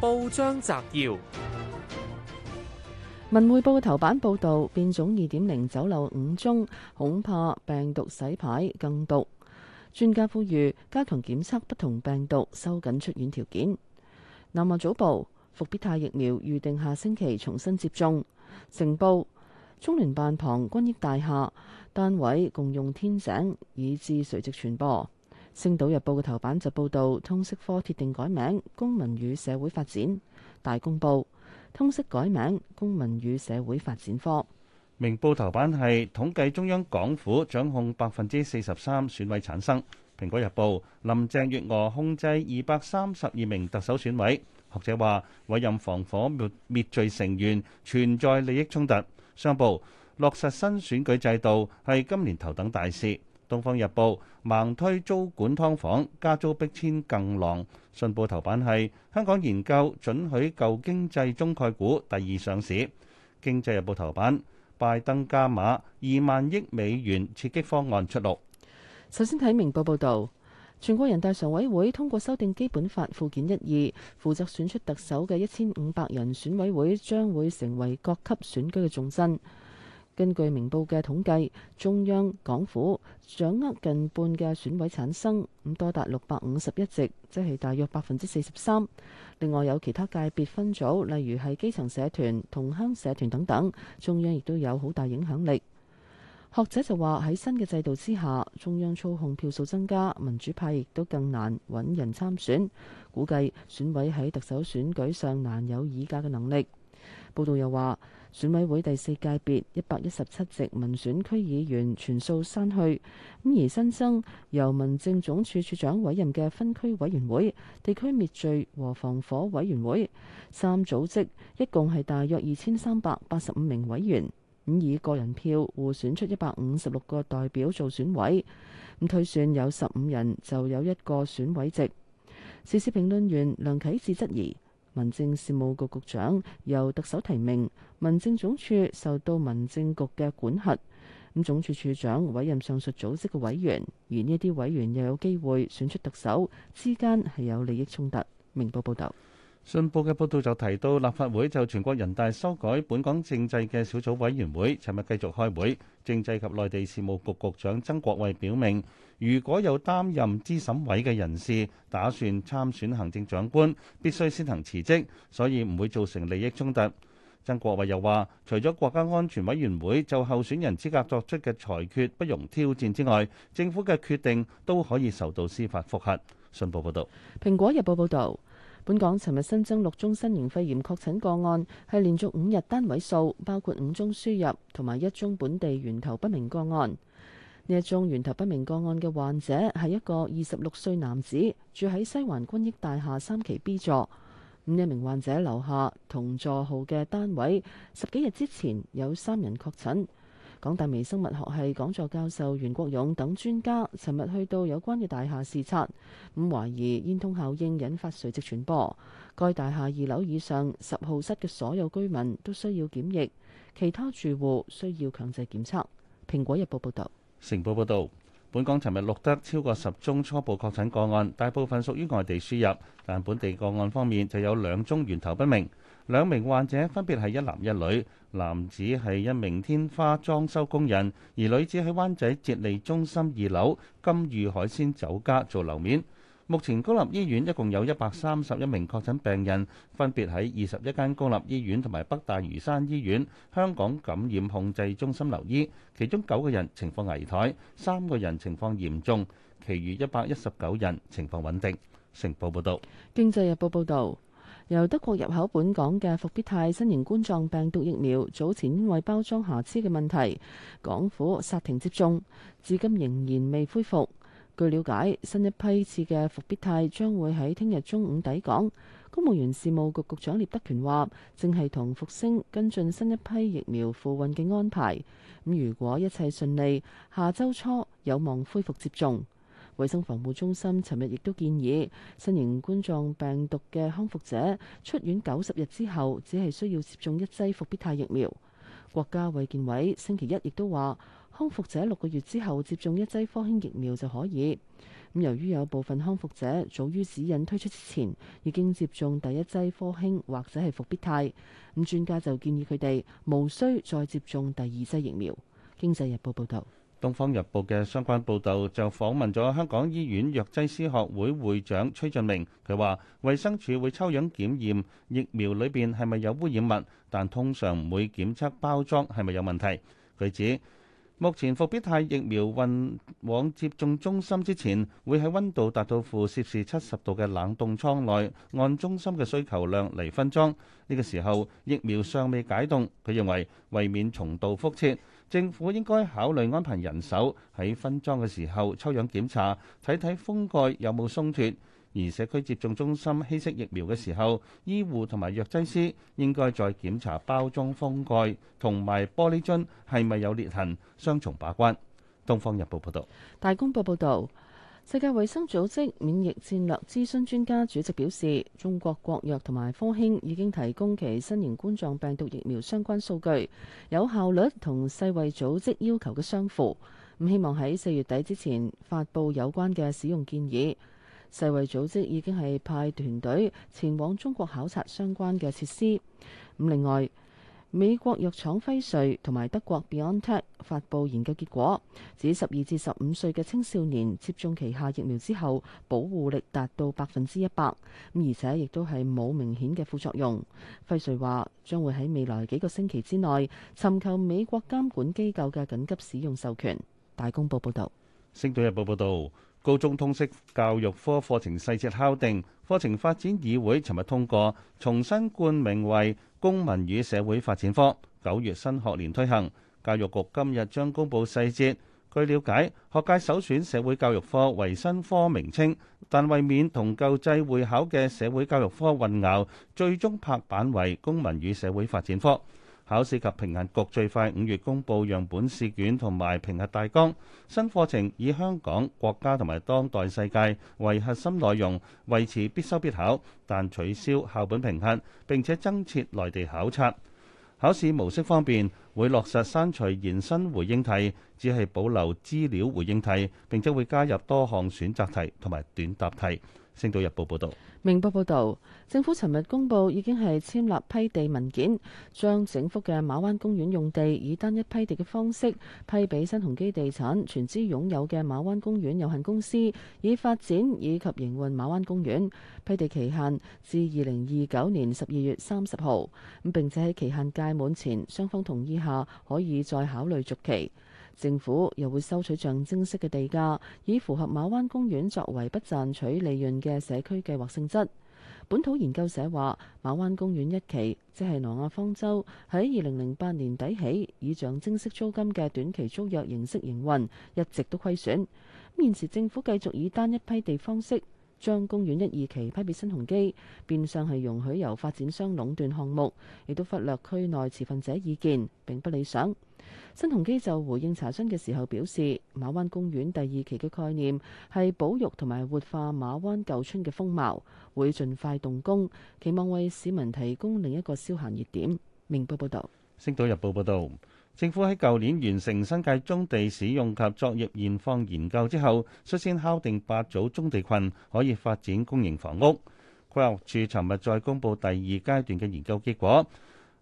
報章摘要：《文匯報》頭版報道，變種二點零走漏五宗，恐怕病毒洗牌更毒。專家呼籲加強檢測不同病毒，收緊出院條件。南華早報：復必泰疫苗預定下星期重新接種。成報：中聯辦旁均益大廈單位共用天井，以致垂直傳播。《星島日報》嘅頭版就報道，通識科鐵定改名，公民與社會發展。《大公報》通識改名，公民與社會發展科。《明報》頭版係統計中央港府掌控百分之四十三選委產生，《蘋果日報》林鄭月娥控制二百三十二名特首選委，學者話委任防火滅、滅罪成員存在利益衝突。《商報》落實新選舉制度係今年頭等大事。《東方日報》盲推租管劏房，加租逼遷更狼。信報頭版係香港研究准許舊經濟中概股第二上市。《經濟日報》頭版，拜登加碼二萬億美元刺激方案出爐。首先睇明報報導，全國人大常委會通過修訂基本法附件一、二，負責選出特首嘅一千五百人選委會將會成為各級選舉嘅重心。根據明報嘅統計，中央港府掌握近半嘅選委產生，咁多達六百五十一席，即係大約百分之四十三。另外有其他界別分組，例如係基層社團、同鄉社團等等，中央亦都有好大影響力。學者就話喺新嘅制度之下，中央操控票數增加，民主派亦都更難揾人參選，估計選委喺特首選舉上難有議價嘅能力。報道又話。選委會第四界別一百一十七席民選區議員全數刪去，咁而新增由民政總署署長委任嘅分區委員會、地區滅罪和防火委員會三組織，一共係大約二千三百八十五名委員，咁以個人票互選出一百五十六個代表做選委，咁推算有十五人就有一個選委席。時事評論員梁啟智質疑。民政事務局局長由特首提名，民政總署受到民政局嘅管轄，咁總署署長委任上述組織嘅委員，而呢啲委員又有機會選出特首，之間係有利益衝突。明報報道。信報嘅報道就提到，立法會就全國人大修改本港政制嘅小組委員會，尋日繼續開會。政制及內地事務局局長曾國衛表明，如果有擔任資審委嘅人士打算參選行政長官，必須先行辭職，所以唔會造成利益衝突。曾國衛又話，除咗國家安全委員會就候選人資格作出嘅裁決不容挑戰之外，政府嘅決定都可以受到司法覆核。信報報導。《蘋果日報》報導。本港尋日新增六宗新型肺炎確診個案，係連續五日單位數，包括五宗輸入同埋一宗本地源頭不明個案。呢一宗源頭不明個案嘅患者係一個二十六歲男子，住喺西環均益大廈三期 B 座。咁一名患者樓下同座號嘅單位，十幾日之前有三人確診。港大微生物學系講座教授袁國勇等專家，尋日去到有關嘅大廈視察，咁懷疑煙通效應引發垂直傳播。該大廈二樓以上十號室嘅所有居民都需要檢疫，其他住戶需要強制檢測。《蘋果日報》報道。《成報》報道，本港尋日錄得超過十宗初步確診個案，大部分屬於外地輸入，但本地個案方面就有兩宗源頭不明。兩名患者分別係一男一女，男子係一名天花裝修工人，而女子喺灣仔捷利中心二樓金裕海鮮酒家做樓面。目前公立醫院一共有一百三十一名確診病人，分別喺二十一間公立醫院同埋北大嶼山醫院香港感染控制中心留醫，其中九個人情況危殆，三個人情況嚴重，其餘一百一十九人情況穩定。成報報道，《經濟日報》報道。由德國入口本港嘅復必泰新型冠狀病毒疫苗，早前因為包裝瑕疵嘅問題，港府剎停接種，至今仍然未恢復。據了解，新一批次嘅復必泰將會喺聽日中午抵港。公務員事務局局,局長聶德權話，正係同復星跟進新一批疫苗付運嘅安排。咁如果一切順利，下周初有望恢復接種。衞生防護中心尋日亦都建議，新型冠狀病毒嘅康復者出院九十日之後，只係需要接種一劑復必泰疫苗。國家衛健委星期一亦都話，康復者六個月之後接種一劑科興疫苗就可以。咁由於有部分康復者早於指引推出之前已經接種第一劑科興或者係復必泰，咁專家就建議佢哋無需再接種第二劑疫苗。經濟日報報導。《東方日報》嘅相關報導就訪問咗香港醫院藥劑師學會會長崔俊明，佢話：衛生署會抽樣檢驗疫苗裏邊係咪有污染物，但通常唔會檢測包裝係咪有問題。佢指，目前復必泰疫苗運往接種中心之前，會喺溫度達到負攝氏七十度嘅冷凍倉內，按中心嘅需求量嚟分裝。呢、這個時候疫苗尚未解凍，佢認為為免重蹈覆轍。政府應該考慮安排人手喺分裝嘅時候抽樣檢查，睇睇封蓋有冇鬆脱；而社區接種中心稀釋疫苗嘅時候，醫護同埋藥劑師應該再檢查包裝封蓋同埋玻璃樽係咪有裂痕，雙重把關。《東方日報》報道。《大公報》報導。世界衛生組織免疫戰略諮詢專家主席表示，中國國藥同埋科興已經提供其新型冠狀病毒疫苗相關數據，有效率同世衛組織要求嘅相符。咁希望喺四月底之前發佈有關嘅使用建議。世衛組織已經係派團隊前往中國考察相關嘅設施。咁另外。美國藥廠輝瑞同埋德國 BioNTech 發布研究結果，指十二至十五歲嘅青少年接種旗下疫苗之後，保護力達到百分之一百，而且亦都係冇明顯嘅副作用。輝瑞話將會喺未來幾個星期之內尋求美國監管機構嘅緊急使用授權。大公報報道：《星島日報》報道，高中通識教育科課程細節敲定，課程發展議會尋日通過，重新冠名為。公民與社會發展科九月新學年推行，教育局今日將公佈細節。據了解，學界首選社會教育科為新科名稱，但為免同舊制會考嘅社會教育科混淆，最終拍板為公民與社會發展科。考試及評核局最快五月公佈樣本試卷同埋評核大綱。新課程以香港、國家同埋當代世界為核心內容，維持必修必考，但取消校本評核，並且增設內地考察。考試模式方面，會落實刪除延伸回應題，只係保留資料回應題，並且會加入多項選擇題同埋短答題。星島日報報導，明報報導，政府尋日公布已經係簽立批地文件，將整幅嘅馬灣公園用地以單一批地嘅方式批俾新鴻基地產全資擁有嘅馬灣公園有限公司，以發展以及營運馬灣公園。批地期限至二零二九年十二月三十號，咁並且喺期限屆滿前，雙方同意下可以再考慮續期。政府又會收取象徵式嘅地價，以符合馬灣公園作為不賺取利潤嘅社區計劃性質。本土研究社話，馬灣公園一期即係挪亞方舟，喺二零零八年底起以象徵式租金嘅短期租約形式營運，一直都虧損。咁現時政府繼續以單一批地方式將公園一二期批俾新鴻基，變相係容許由發展商壟斷項目，亦都忽略區內持份者意見，並不理想。新鴻基就回應查詢嘅時候表示，馬灣公園第二期嘅概念係保育同埋活化馬灣舊村嘅風貌，會盡快動工，期望為市民提供另一個消閒熱點。明報報道。星島日報報道，政府喺舊年完成新界棕地使用及作業現況研究之後，率先敲定八組棕地群可以發展公營房屋。規劃署尋日再公布第二階段嘅研究結果。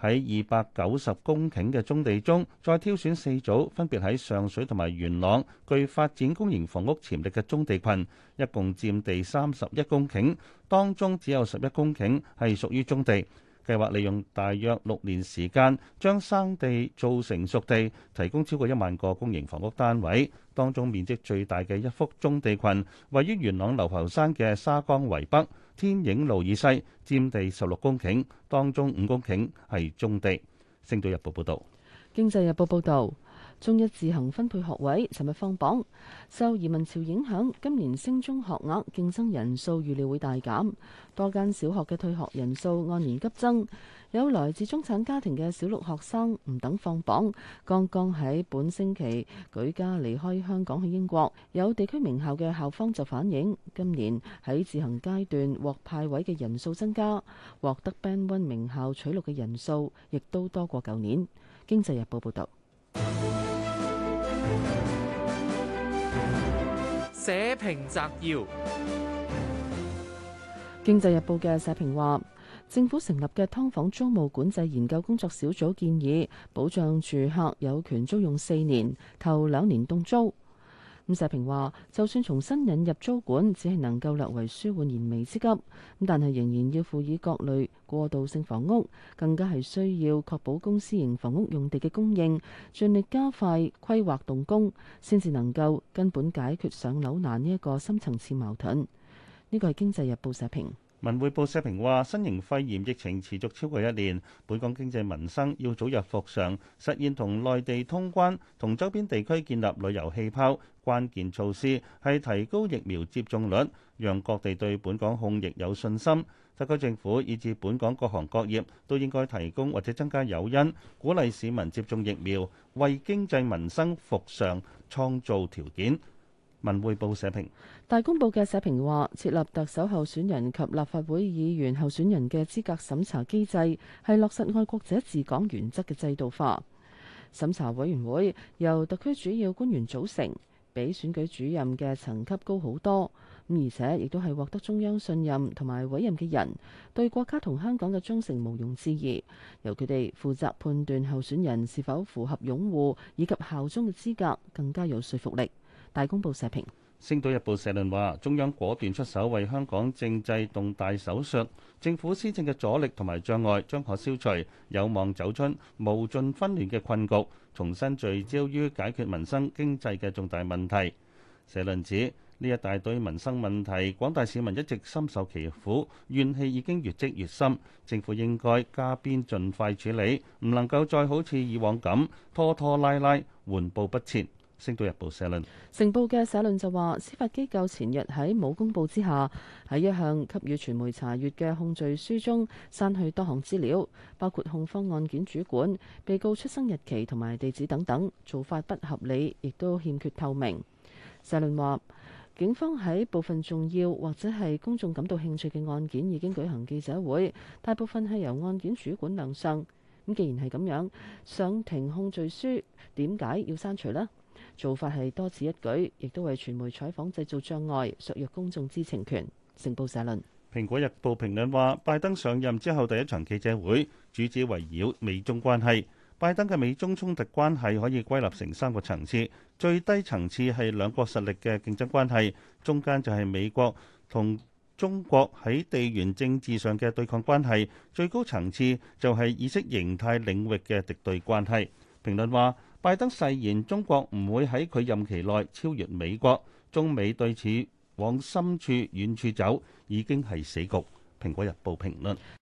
喺二百九十公頃嘅棕地中，再挑選四組，分別喺上水同埋元朗，具發展公營房屋潛力嘅棕地群，一共佔地三十一公頃，當中只有十一公頃係屬於棕地。計劃利用大約六年時間，將生地造成熟地，提供超過一萬個公營房屋單位。當中面積最大嘅一幅棕地群，位於元朗流浮山嘅沙江圍北天影路以西，佔地十六公頃，當中五公頃係棕地。星島日報報道，經濟日報報道。中一自行分配學位，尋日放榜，受移民潮影響，今年升中學額競爭人數預料會大減。多間小學嘅退學人數按年急增，有來自中產家庭嘅小六學生唔等放榜，剛剛喺本星期舉家離開香港去英國。有地區名校嘅校方就反映，今年喺自行階段獲派位嘅人數增加，獲得 Band One 名校取錄嘅人數亦都多過舊年。經濟日報報導。社評摘要：經濟日報嘅社評話，政府成立嘅劏房租務管制研究工作小組建議，保障住客有權租用四年，頭兩年凍租。咁社評話：就算重新引入租管，只係能夠略為舒緩燃眉之急，但係仍然要附以各類過渡性房屋，更加係需要確保公私營房屋用地嘅供應，盡力加快規劃動工，先至能夠根本解決上樓難呢一個深層次矛盾。呢個係《經濟日報》社評。文匯報社評話：新型肺炎疫情持續超過一年，本港經濟民生要早日復常，實現同內地通關、同周邊地區建立旅遊氣泡，關鍵措施係提高疫苗接種率，讓各地對本港控疫有信心。特區政府以至本港各行各業都應該提供或者增加誘因，鼓勵市民接種疫苗，為經濟民生復常創造條件。文匯報社評。大公報嘅社評話：設立特首候選人及立法會議員候選人嘅資格審查機制，係落實愛國者治港原則嘅制度化。審查委員會由特區主要官員組成，比選舉主任嘅層級高好多，而且亦都係獲得中央信任同埋委任嘅人，對國家同香港嘅忠誠毋庸置疑。由佢哋負責判斷候選人是否符合擁護以及效忠嘅資格，更加有說服力。大公報社評，《星島日報》社論話：中央果斷出手為香港政制動大手術，政府施政嘅阻力同埋障礙將可消除，有望走出無盡紛亂嘅困局，重新聚焦於解決民生經濟嘅重大問題。社論指呢一大堆民生問題，廣大市民一直深受其苦，怨氣已經越積越深，政府應該加鞭，盡快處理，唔能夠再好似以往咁拖拖拉拉，緩步不前。《星島日報》社論，成報嘅社論就話：司法機構前日喺冇公佈之下，喺一項給予傳媒查閲嘅控罪書中刪去多項資料，包括控方案件主管、被告出生日期同埋地址等等，做法不合理，亦都欠缺透明。社論話：警方喺部分重要或者係公眾感到興趣嘅案件已經舉行記者會，大部分係由案件主管亮相。咁既然係咁樣，上庭控罪書點解要刪除呢？做法係多此一舉，亦都為傳媒採訪製造障礙，削弱公眾知情權。成報社論，《蘋果日報》評論話：拜登上任之後第一場記者會，主旨圍繞美中關係。拜登嘅美中衝突關係可以歸納成三個層次：最低層次係兩國實力嘅競爭關係，中間就係美國同中國喺地緣政治上嘅對抗關係，最高層次就係意識形態領域嘅敵對關係。評論話。拜登誓言中國唔會喺佢任期內超越美國，中美對此往深處遠處走已經係死局。《蘋果日報》評論。